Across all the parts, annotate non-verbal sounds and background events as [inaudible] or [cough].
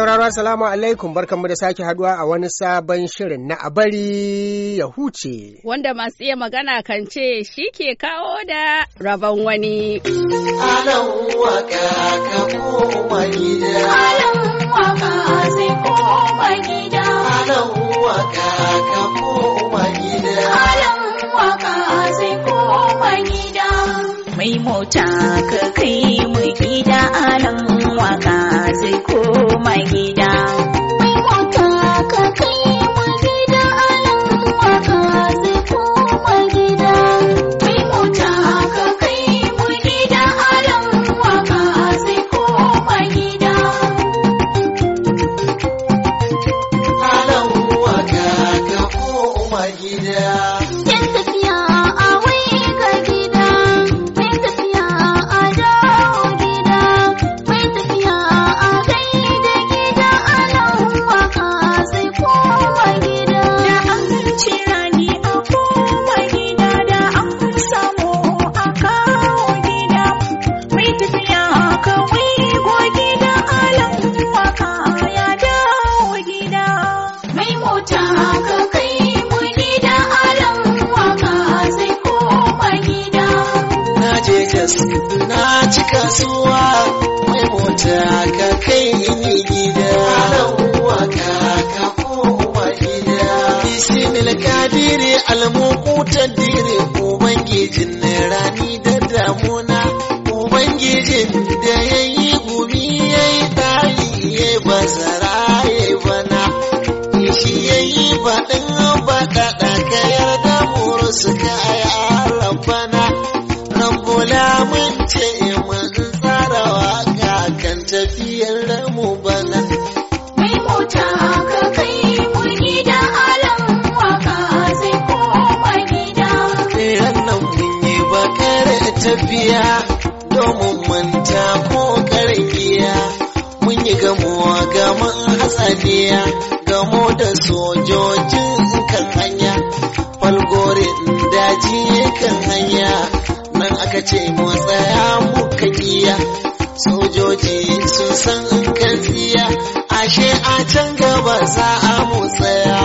sauraro assalamu alaikum barkanmu da sake haduwa a wani sabon shirin na abari ya huce. Wanda masu iya magana kan ce shi ke kawo da rabon wani. Alan waka ka koma gida. Alan waka sai koma gida. Alan waka ka koma gida. mai mota ka kai mu gida anan waka zai koma gida. that. kan hanya nan aka ce mu tsaya muka kiya sojoji sun san in kan ashe a can gaba za a mu tsaya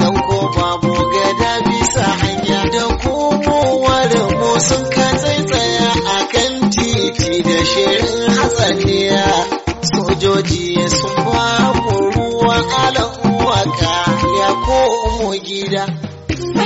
dan ko babu gada bisa hanya da komowar mu sun ka tsaya a kan titi da shirin hatsaniya sojoji sun ba mu ruwan alan waka ya ko mu gida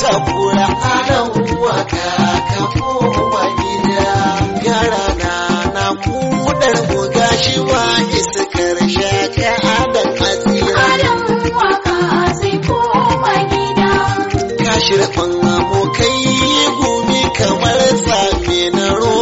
ta kura anan uwa ka koma gida yara na na kudar mu gashi wa iskar shaka adan asira anan uwa ka sai koma gida gashi rafan abokai gobe kamar tsame na ruwa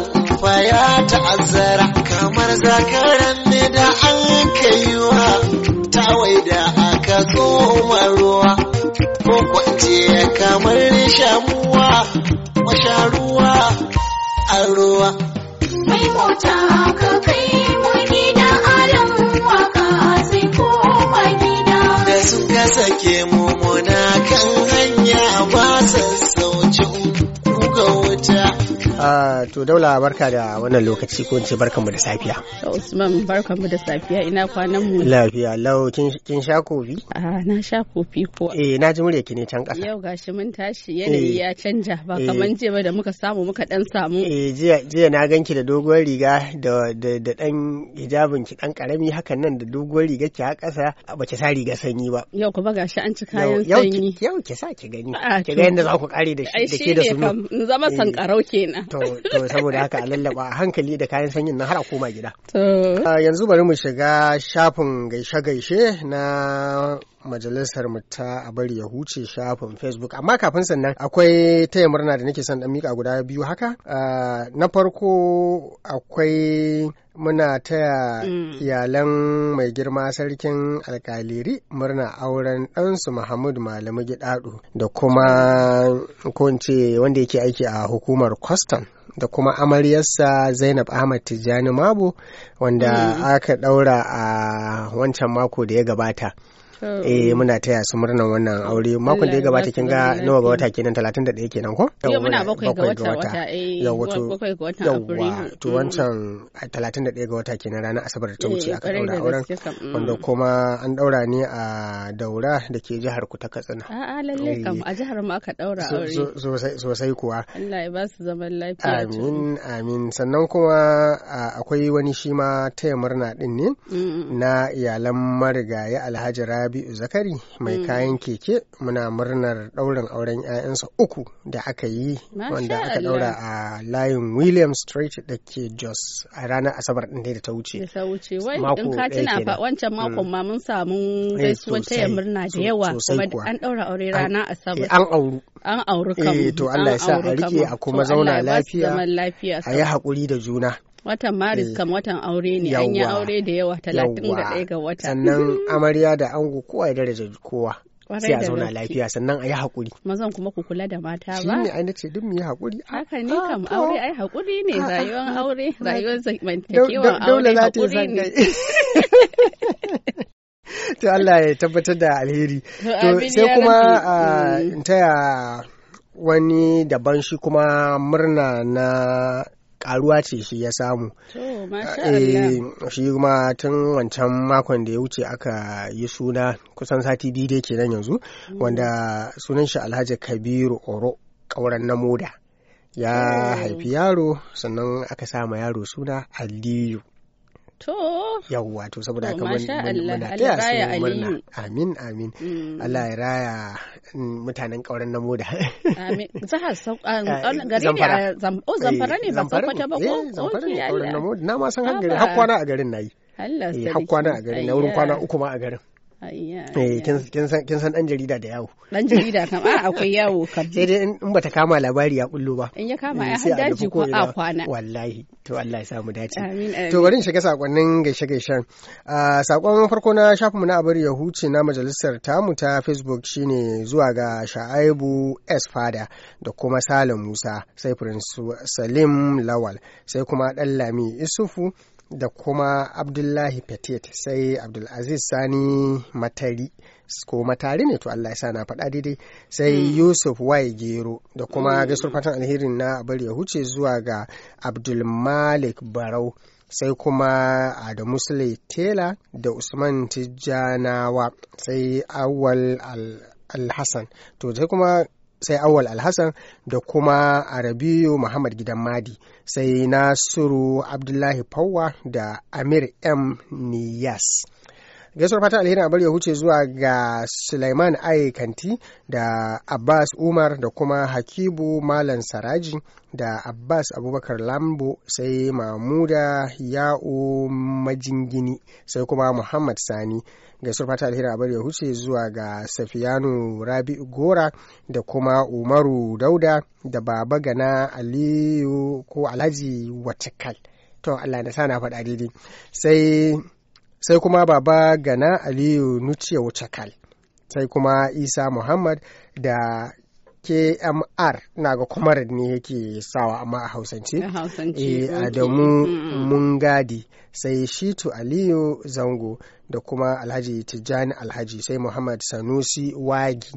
ta'azzara kamar zakaran ne da an kaiwa ta waida aka tsoma ruwa ko kwance kamar shamuwa masharuwa a ruwa mai mota ka kai mu gida alam waka sai koma gida da sun ka sake kan hanya ba sassaucin kuka wuta ah, to daula barka da wannan lokaci ko ce barkanmu da safiya. Usman barkanmu da safiya ina kwanan mu. Lafiya lau kin sha kofi? Ah na sha kofi ko. Eh na ji murya ki ne can kasa. Yau gashi mun tashi yanayi eh. ya canja ba eh. kaman jiya ba da muka samu muka dan samu. Eh jiya jiya na ganki da doguwar riga da da dan hijabin ki dan karami hakan nan da doguwar riga ki a kasa ba ki sa riga sanyi ba. Yau kuma gashi an ci kayan sanyi. Yau ki sa ki gani. Ah, ki ga yanda za ku kare da shi da ke da su. Zama eh. sankarau kenan. kawai saboda haka a lallaba a hankali da kayan sanyin na har a koma gida ah, yanzu bari mu shiga shafin gaishe-gaishe na majalisar mu ta a bari ya huce shafin facebook amma kafin sannan akwai taya murna da nake son dan mika guda biyu haka ah, na farko akwai muna taya mm. iyalan mai girma sarkin alkaliri murna auren ɗansu Muhammad Malamu Gidado da kuma ko wanda yake aiki a hukumar Kwastam da kuma amaryarsa zainab ahmad tijjani mabu wanda mm. aka daura a wancan mako da ya gabata eh oh. muna taya su murnar wannan aure makon da ya gabata kin ga nawa ga wata kenan 31 kenan ko yau muna bakwai ga wata yau wato bakwai ga wata eh, yau to mm. wancan 31 ga wata kenan ranar asabar ta wuce eh, aka daura auren mm. wanda kuma an daura ne a daura da ke jihar ku ta Katsina a'a lalle kam eh. a jihar mu aka daura aure sosai kuwa Allah ya ba su zaman lafiya amin amin sannan kuma akwai wani shi ma taya murna din ne mm, na iyalan marigayi Alhaji Rabi Rabi'u Zakari mai mm. kayan keke muna murnar ɗaurin auren 'ya'yansa uku da aka yi wanda aka ɗaura a layin William Street da ke Jos a ranar Asabar ɗin da ta wuce. ta wuce, wai in ka fa wancan makon mm. ma mun samu eh, gaisuwar taya murna da yawa kuma an ɗaura aure ranar Asabar. Eh, an auru. An auru kan. Eh to Allah ya sa a rike a kuma zauna lafiya. A yi haƙuri da juna. Watan Maris eh. kam watan aure ne, an yi aure da yawa talatin da ɗaya ga wata. Sannan mm. amarya da ango kowa ya daraja kowa. sai a zauna lafiya sannan a yi haƙuri. Mazan kuma ku kula da mata ba. Shi ne ai nace duk mu yi haƙuri. Ah, Haka ne ah, kam aure ai haƙuri ne ah, rayuwar aure rayuwar zamantakewar aure haƙuri ne. [laughs] To Allah ya tabbatar da alheri. To sai kuma a mm. taya wani daban shi kuma murna na karuwa ce shi ya samu eh, shi kuma tun wancan makon da ya wuce aka yi suna kusan sati biyu dai kenan yanzu hmm. wanda sunan shi alhaji kabiru oro kauran na moda ya haifi yaro sannan aka sa ma yaro suna aliyu To. Yawwa to saboda haka muna taya su murna. Amin amin. Mm. Allah ya raya mm, mutanen kauren na moda. [laughs] Amin. Zahar um, eh, gari ne oh, Zamfara ne ba eh, Sokoto ba ko? Zamfara ne kauren na moda. Na ma san har gari har kwana a garin nayi. Allah eh, sarki. Har kwana a garin na wurin kwana uku ma a garin. kin san ɗan jarida da yawo Ɗan jarida kam a ah, akwai yawo kam [laughs] sai dai in bata kama labari ya kullu ba in ya kama ya daji ko a kwana wallahi to Allah ya sa mu dace to bari in shiga sakonnin gaishe gaishen ah, sakon farko na shafinmu na abin ya huce na majalisar tamu ta Facebook shine zuwa ga Sha'aibu S Fada da kuma Salim Musa sai Prince Salim Lawal sai kuma Dallami Isufu da kuma Abdullahi Petit sai Abdulaziz Sani Matari ko matari ne to Allah ya sa na faɗa daidai sai hmm. Yusuf Y Gero da kuma hmm. gaisuwar fatan alherin na abar ya huce zuwa ga Abdul Malik Barau sai kuma Adamu Sule Tela da Usman Tijjanawa sai Awal Alhassan to sai kuma sai awal alhassan da kuma arabiyu muhammad gidan madi sai nasiru abdullahi fawwa da amir m niyas gaisuwar Fata alheri abar ya huce zuwa ga Sulaiman Ai Kanti da Abbas Umar da kuma Hakibu Malam Saraji da Abbas Abubakar Lambo sai Mamuda Ya'u Majingini sai kuma Muhammad Sani gaisuwar Fata alheri abar ya huce zuwa ga Safiyanu Rabi Gora da kuma Umaru Dauda da Baba Gana Aliyu ko Alhaji Watakal to Allah da sana faɗa daidai sai sai kuma baba gana aliyu nuciya wucakal sai kuma isa muhammad da kmr na ga kuma ne yake sawa amma a hausance e, adamu mun gadi sai shitu aliyu zango da kuma alhaji tijjani alhaji sai muhammad sanusi wagi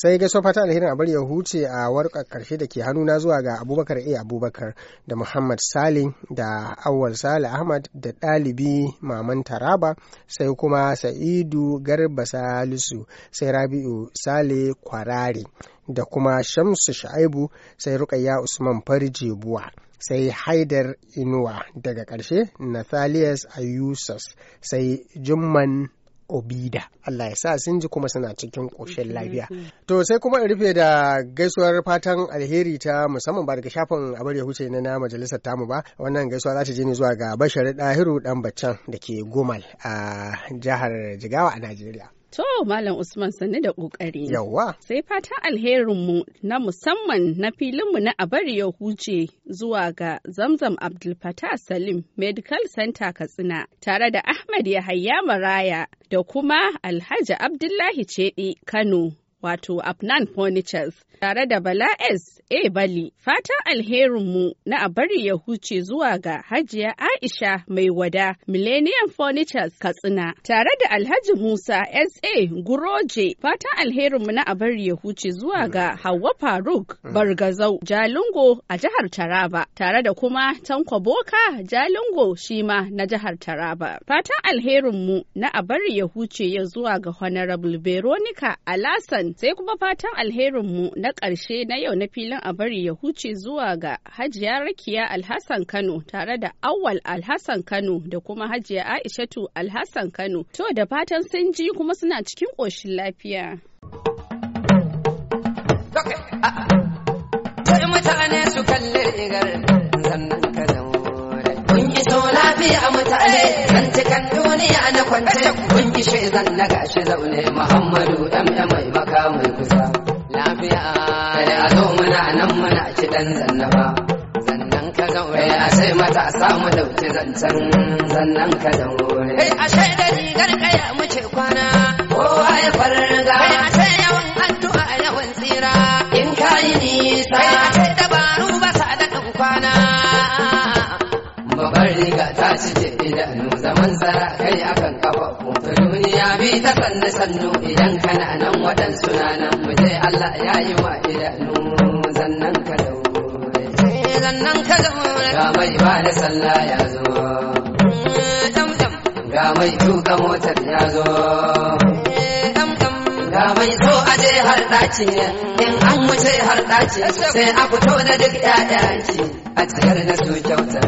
sai sofa fata alherin a bar ya huce a warkar karshe da ke hannuna zuwa ga abubakar a abubakar da muhammad salim da awal sale ahmad da ɗalibi maman taraba sai kuma sa'idu garba salisu sai rabi'u sale kwarare da kuma shamsu sha'ibu sai rukayya usman farji buwa sai haidar inuwa daga ƙarshe nathaliyas ayusas sai jumman obida allah ya sa sun ji kuma suna cikin koshin lafiya to sai kuma in rufe da gaisuwar fatan alheri ta musamman ba daga shafin abar ya huce na majalisar tamu ba wannan gaisuwa za ta je ne zuwa ga bashar dahiru dan baccan da ke gomal a jihar jigawa a najeriya To Malam Usman sani da ƙoƙari. Yawwa. Sai fatan alherinmu na musamman na filinmu na abari ya huce zuwa ga Zamzam Abdulfatah Salim Medical Center Katsina tare da Ahmad Yahaya Maraya da kuma Alhaji Abdullahi Cedi Kano wato Afnan Furnitures tare da Bala S. A. Bali. Fatan alherinmu na a bari ya huce zuwa ga Hajiya Aisha mai wada Millennium Furnitures Katsina tare da Alhaji Musa S. A. Guroje. Fatan alherinmu na a bari ya huce zuwa mm. ga Hauwa Faruk mm. Bargazau Jalingo a jihar Taraba tare da kuma Tanko Boka Jalingo shima na jihar Taraba. Fatan alherinmu na a bari ya huce ya zuwa ga Honorable Veronica Alasan Sai kuma fatan alherinmu na ƙarshe na yau na filin a bari ya huce zuwa ga Hajiya Rakiya Alhassan Kano tare da Awwal Alhassan Kano da kuma Hajiya Aishatu Alhassan Kano. To da fatan sun ji kuma suna cikin ƙoshin lafiya. mutane su kalle igar zannan to lafiya mutane an cikin duniya na kwance kun gishe zan na gashi zaune muhammadu dan da mai maka mai kusa lafiya da zo muna nan muna ci dan zannaba sannan ka zaure a sai matasa mu dauki zancen sannan ka zaure kai a shaidar rigar kaya mu ce kwana kowa ya farga kai a sai riga ta cike idanu zaman tsara kai akan kafa duniya bi ta sannu sannu idan kana nan waɗansu na nan mu dai Allah ya yi wa idanu zannan ka daure eh, zannan ka daure ga mai ba da sallah ya zo eh, ga mai tuka motar ya zo eh, ga mai so aje har ɗaci in an sai har ɗaci sai a fito da duk ƴaƴanci a tsayar da su kyauta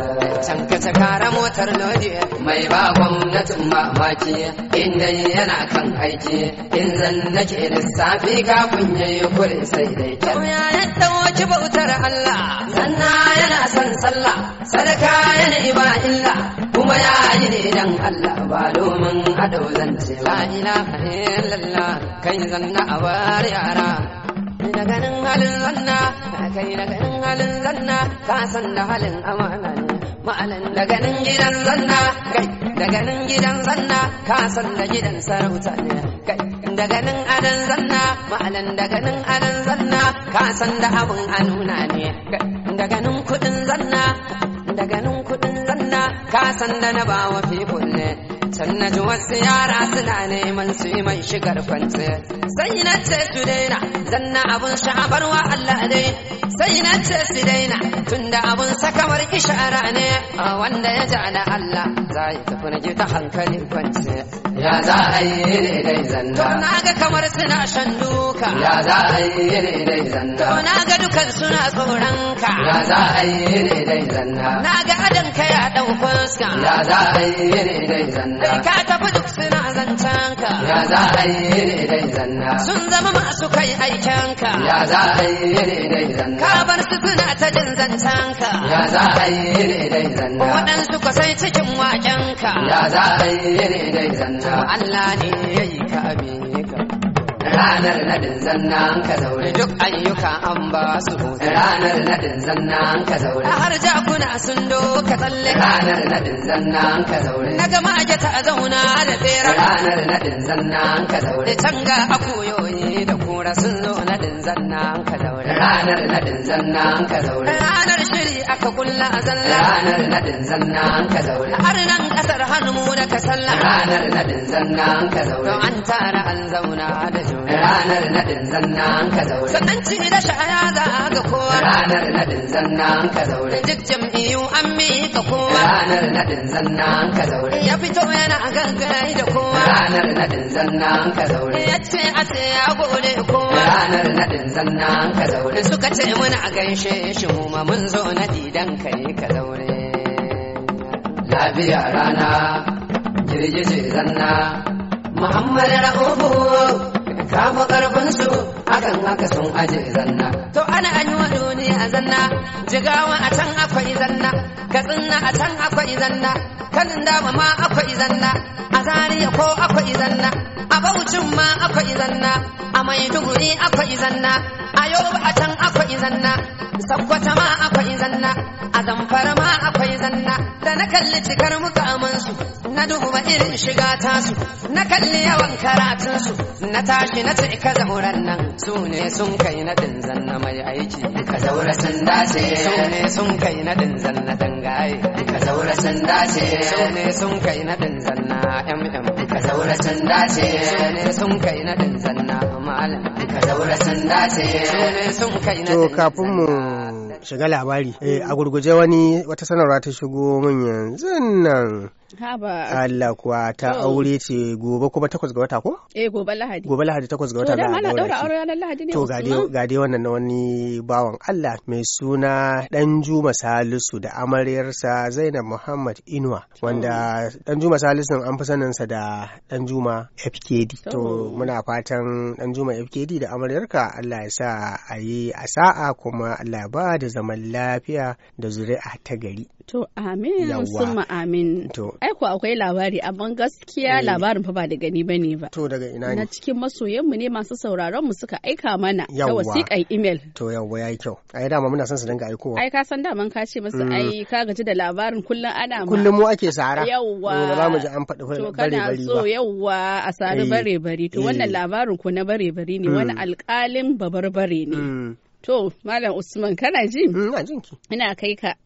can ka kara motar lodi mai ba gwamnatin mamaki inda yana kan aiki in zan nake lissafi kafin ya yi kure sai dai kyar ya yadda wace bautar Allah zanna yana son sallah sadaka yana iba illa kuma ya yi ne dan Allah ba domin adau zance ba ilaha lalla. kai zanna a bar yara na ganin halin zanna na kai na ganin halin zanna ka san da halin amana ne ma'anan da ganin gidan zanna kai da ganin gidan zanna ka san da gidan sarauta ne kai da ganin adan zanna ma'anan da ganin adan zanna ka san da abun anuna ne da ganin kudin zanna da ganin kudin zanna ka san da na bawa fi kulle Can na ji wasu yara suna neman su yi mai shigar kwance. Sai na ce su daina, dan na abun wa Allah dai. Sai na ce su daina, tunda abun sakamar ishara ne. A wanda ya ja na Allah, za yi tafi na ta hankalin kwance. Ya za a yi ne dai zanna. To na ga kamar suna shan duka. Ya za a yi ne dai zanna. To na ga dukan suna tsoron ka. Ya za a yi ne dai zanna. Na ga adanka ya ɗau fuska. Ya za a yi ne dai zanna. sai ka tafi duk suna zancen ka ya za a yi idan zanna sun zama masu kai aiken ka ya za a yi idan zanna ka bar su suna ta jin zancen ka ya za a yi idan zanna waɗansu ka sai cikin waken ka ya za a yi idan zanna Allah ne ya yi ka amin ranar nadin zanna ka zaure duk ayyuka an ba su ranar nadin zanna ka zaure har jakuna sun doka tsalle ranar nadin zanna ka zaure na gama ake ta zauna da bera ranar nadin zanna ka zaure canga akuyoyi da kura sun zo nadin zanna ka zaure ranar nadin zanna ka zaure ranar shiri aka kulla a zalla ranar nadin zanna ka zaure har nan kasar hannu da ka salla ranar nadin zanna ka zaure to an tara an zauna da juna ranar nadin zanna ka zaure sannan ci da shaya za ga kowa ranar nadin zanna ka zaure duk jam'iyyu an mi ka kowa ranar nadin zanna ka zaure ya fito yana gangai da kowa ranar nadin zanna ka zaure ya ce a sai ya gode kowa ranar nadin daɗin zanna ka zaure suka ce mana a ganshe shi mu ma mun zo na didan kai ka zaure lafiya rana girgije zanna muhammad ra'ufu kafa karfin su hakan haka sun aje zanna to ana an yi wa duniya zanna jigawa a can akwai zanna tsinna a can akwai zanna kanin dama ma akwai zanna a zariya ko akwai zanna a baucin ma akwai zanna a maiduguri akwai zanna a yau a can akwai zanna sakwata ma akwai zanna a zamfara ma akwai zanna da na kalli cikar mukamansu na duba irin shiga tasu na kalli yawan karatunsu na tashi na ce ka zauren nan su ne sun kai na din zanna mai aiki ka zaura sun dace su ne sun kai na din zanna dangaye ka zaura sun dace su ne sun kai na din zanna mm ka zaura sun dace su ne sun kai na din zanna to kafin mu shiga labari eh, a gurguje wani wata sanarwa ta shigo min yanzu nan Allah kuwa ta oh. aure ce gobe kuma takwas ga wata ko? Eh gobe Lahadi. Gobe Lahadi takwas ga wata za a daura aure ranar Lahadi ne. To ga dai wannan na wani bawan Allah mai suna juma Salisu da amaryarsa Zainab Muhammad Inuwa wanda oh. juma Salisu an fi sanin sa da Danjuma FKD. To oh. muna fatan Danjuma FKD da amaryarka Allah ya sa a yi a sa'a kuma Allah ba da zaman lafiya da zuri'a ta gari. To amin sun amin. To. Aiko akwai labari amma gaskiya eh. labarin fa ba da gani ba ne ba. To daga ina ne? Na cikin masoyanmu ne masu sauraron mu suka aika mana. Yawwa. Ta wasiƙan email. To yawwa yayi kyau. Ai dama muna son su dinga aikowa. Ai ka san dama ka ce masa mm. ai ka gaji da labarin kullum ana ma. Kullum mu ake sara. Yawwa. Eh, ba za mu ji an faɗi bare bare ba. To kana so yawwa a sari bare eh. bare. To wannan labarin ko na bare bare ne wani mm. alƙalin babarbare ne. Mm. To Malam Usman kana ji? Ina jinki. Ina kai ka.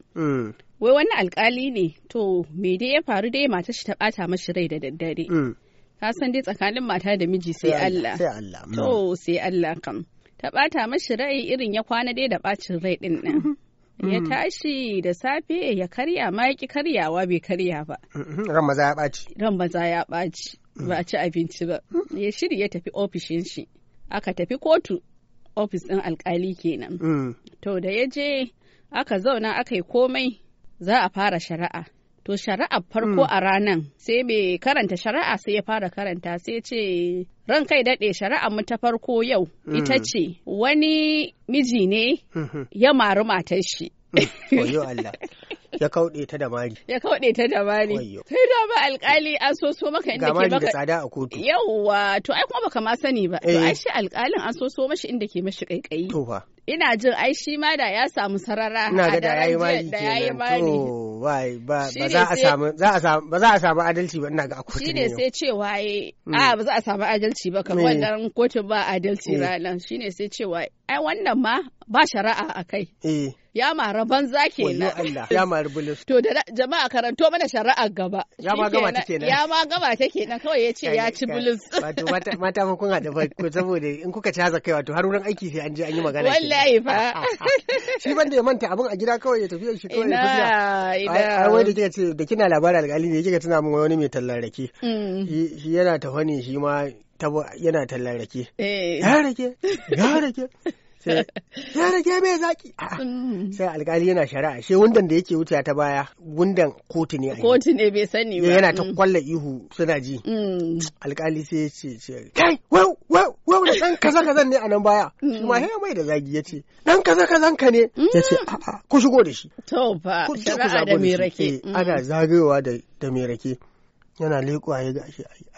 wai wani alkali ne to me dai ya faru dai mata shi ta bata mashi rai da daddare mm. ka san dai tsakanin mata da miji sai Allah sai Allah mm. to sai Allah kam ta bata mashi rai irin ya kwana dai da bacin rai din nan mm-hmm. ya mm. tashi da safe ya karya ma ya ki karyawa bai karya ba. Mm-hmm. Ran maza ya ɓaci. Ran maza ya ɓaci ba ci abinci ba. Ya shiri ya tafi ofishin shi. Aka tafi kotu ofis ɗin alkali kenan. To da ya je aka zauna aka yi komai za a fara shari'a to shari'a farko hmm. a ranan sai mai karanta shari'a sai ya fara karanta sai ce ran kai daɗe shari'a mu ta farko yau hmm. ita ce wani miji ne hmm. ya mari matar shi Oyo Allah. Ya kauɗe ta da mari. Ya kauɗe ta da mari. Sai da ba alƙali an so so maka inda ke baka. Ga da tsada a kotu. Yawwa to ai kuma baka ma sani ba. To ai eh. shi alƙalin an so so mashi inda ke mashi ƙaiƙayi. To fa. Ina jin ai shi ma da ya samu sarara. Ina ga da yayi mari da yayi mari. ba za a samu za a samu ba za a samu adalci ba ina ga a kotu. Shine sai cewa hmm. a ba za a samu adalci ba kamar wannan kotun ba adalci ranar shine sai cewa ai wannan ma ba shari'a a kai. Eh. ya mara banza kenan Allah ya mara bulus to da jama'a karanto mana shari'a gaba ya ma gaba take kenan ya ma gaba take kenan kawai ya ce ya ci bulus [laughs] wato mata ma kun hada ko saboda in kuka ci haza kai wato har wurin aiki sai an je an yi magana wallahi fa [laughs] shi banda ya manta abin a gida kawai ya tafi shi kawai ya kusa ai wai da kika ce da kina labarin alƙalin ne kika tuna min wani mai tallar rake mm. shi yana tafani shi ma yana tallar rake eh. ya rake ya rake [laughs] sai ya zaki [laughs] mm. sai alkali yana shari'a sai wundan da yake wuce ta baya wundan kotu ne kotu ne bai sani ba eh, yana ta mm. kwalla ihu suna ji mm. alkali sai ya ce ce kai wau wau wau da dan kaza kaza ne a nan baya kuma ya mai da zagi ya ce dan kaza kazan ka ne ya ce a'a ku shigo da shi to fa shari'a da mai rake eh, ana zagayowa da da mai rake yana leƙuwa ya ga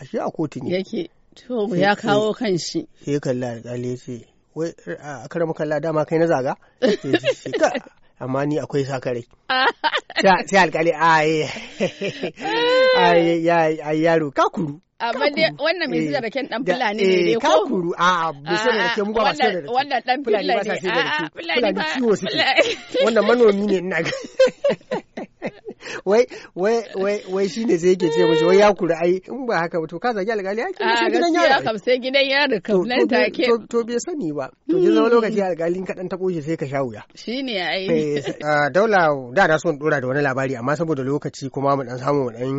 ashe a kotu ne yake to ya kawo kan shi sai kalla alkali ya ce a karamu kalla dama kai na zaga amma ni akwai sakarai sai [laughs] alkali ya yaro kakuru amma dai wannan mai zuwa eh, da dan fulani ne eh, ne ko kakuru a a sai da ke mugwa ba sai da wannan dan fulani ne sai da fulani ciwo wannan manomi ne ina ga [laughs] wai wai wai wai shine sai yake ce mishi wai ya kuri ai in ba haka ba to ka zagi alƙali ai sai gidan yaro kam sai gidan yaro kam nan take to bai sani ba to ki zama lokaci alƙalin ka dan tabo shi sai ka sha wuya shine ai eh, daula da da son dora da wani labari amma saboda lokaci kuma mu dan samu mu dan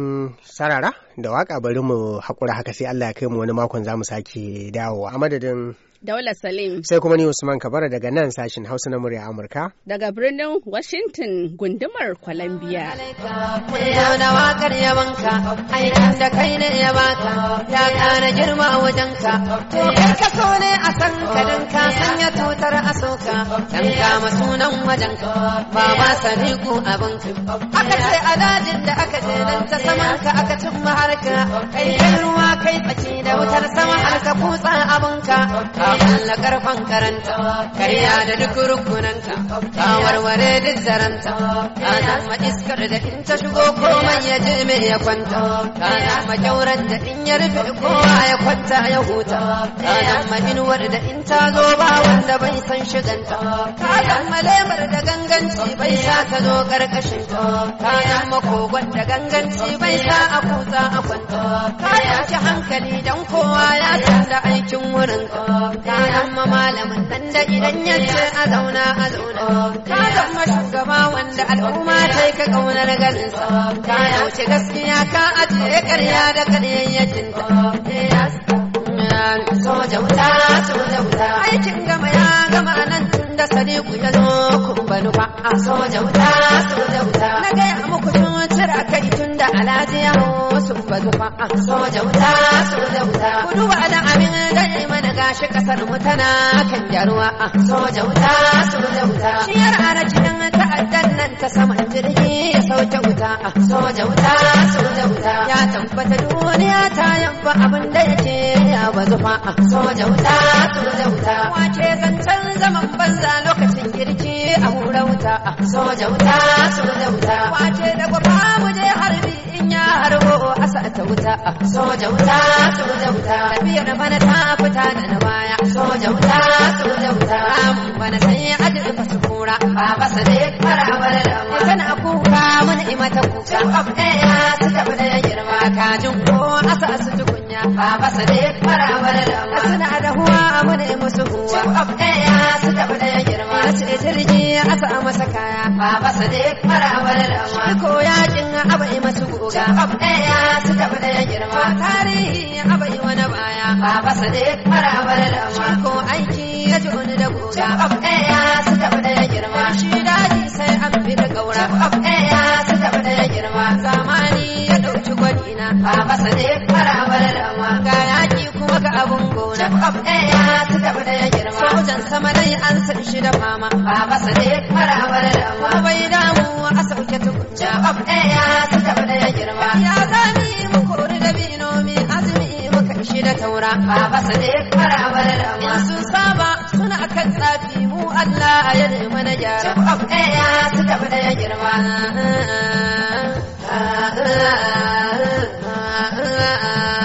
sarara da waka bari mu hakura haka sai Allah ya kai mu wani makon zamu sake dawowa a madadin Daula Salim. Sai kuma ni Usman Kabara daga nan sashin Hausa na murya Amurka. Daga birnin Washington gundumar Columbia. Yau wakar yabanka, ainihin da kai ne ya baka, ya kana girma a wajenka. To kai ka so ne a san ka dan ka sanya tutar asoka, dan kama sunan wajenka. Baba Sadiku abin Aka ce a dajin da aka je nan ta saman ka aka cimma harka. Kai ruwa kai tsaki da wutar sama har ka kutsa abinka. Kalla karfan karanta, karya da duk rukunanta, ta warware duk zaranta, iskar da in ta shigo komai ya me ya kwanta, ta dama kyauran da in ya rufe kowa ya kwanta ya huta, ta inuwar da in ta zo ba wanda bai san shiganta, ta lemar da ganganci bai sa ka zo karkashin ta, kogon da ganganci bai sa a kusa a kwanta, ta yaki hankali dan kowa ya san da aikin wurin ka. Ka zama malamin nan da idan ya ce a zauna a zauna. Ka zama shugaba wanda al'umma ta yi ka ƙaunar ganin sa. Ka yauce gaskiya ka ajiye ƙarya da ƙaryayyakin ta. Soja wuta, soja wuta. Aikin gama ya gama nan tun da sani ku ya zo kun bani ba. Soja wuta, soja wuta. Na gaya da alhaji mu su ba zuwa a soja wuta da wuta ku duba adan abin gani mana gashi kasar mu tana kan jaruwa a soja wuta da wuta shiyar arajinin ta'addan nan ta saman jirgi ya sauke wuta a soja wuta da wuta ya tabbata duniya ta yabba abin da yake ya ba zuwa a soja wuta da wuta wace zancen zaman banza lokacin girki a hura wuta a soja wuta da wuta wuta soja wuta soja wuta tafiyar bana ta fita da na baya soja wuta soja wuta bana sai adadin fasu kura baba fara marhaban da mu kana kuka mun imata kuka ab daya su tafi girma kajin ko asa su tukun Baba fara barabar lawa. Suna da huwa mu ne musu huwa. ɗaya su tafi girma. ce a sa masa kaya. Baba Sadiq Ko yakin abu yi masu goga. ɗaya su tafi ɗaya girma. Tarihi abu wani baya. Baba fara barabar lawa. Ko aiki ya ji wani da goga. Cin abu ɗaya su tafi girma. Shi daji sai an bi da gaura. ɗaya su tafi girma. Zamani ya ɗauki ga yaki kuma ga abun gona kwaf ɗaya su tafi ya girma sojan sama dai an san shi da fama ba masa ne marabar da amma bai damu a sauke tukunce kwaf ɗaya su tafi ya girma ya zami muku kori da binomi azumi muka shi da taura ba masa ne marabar da amma su saba suna akan tsafi mu Allah ya nemi na gyara kwaf ɗaya su tafi ya girma Ah, ah, ah, ah, ah.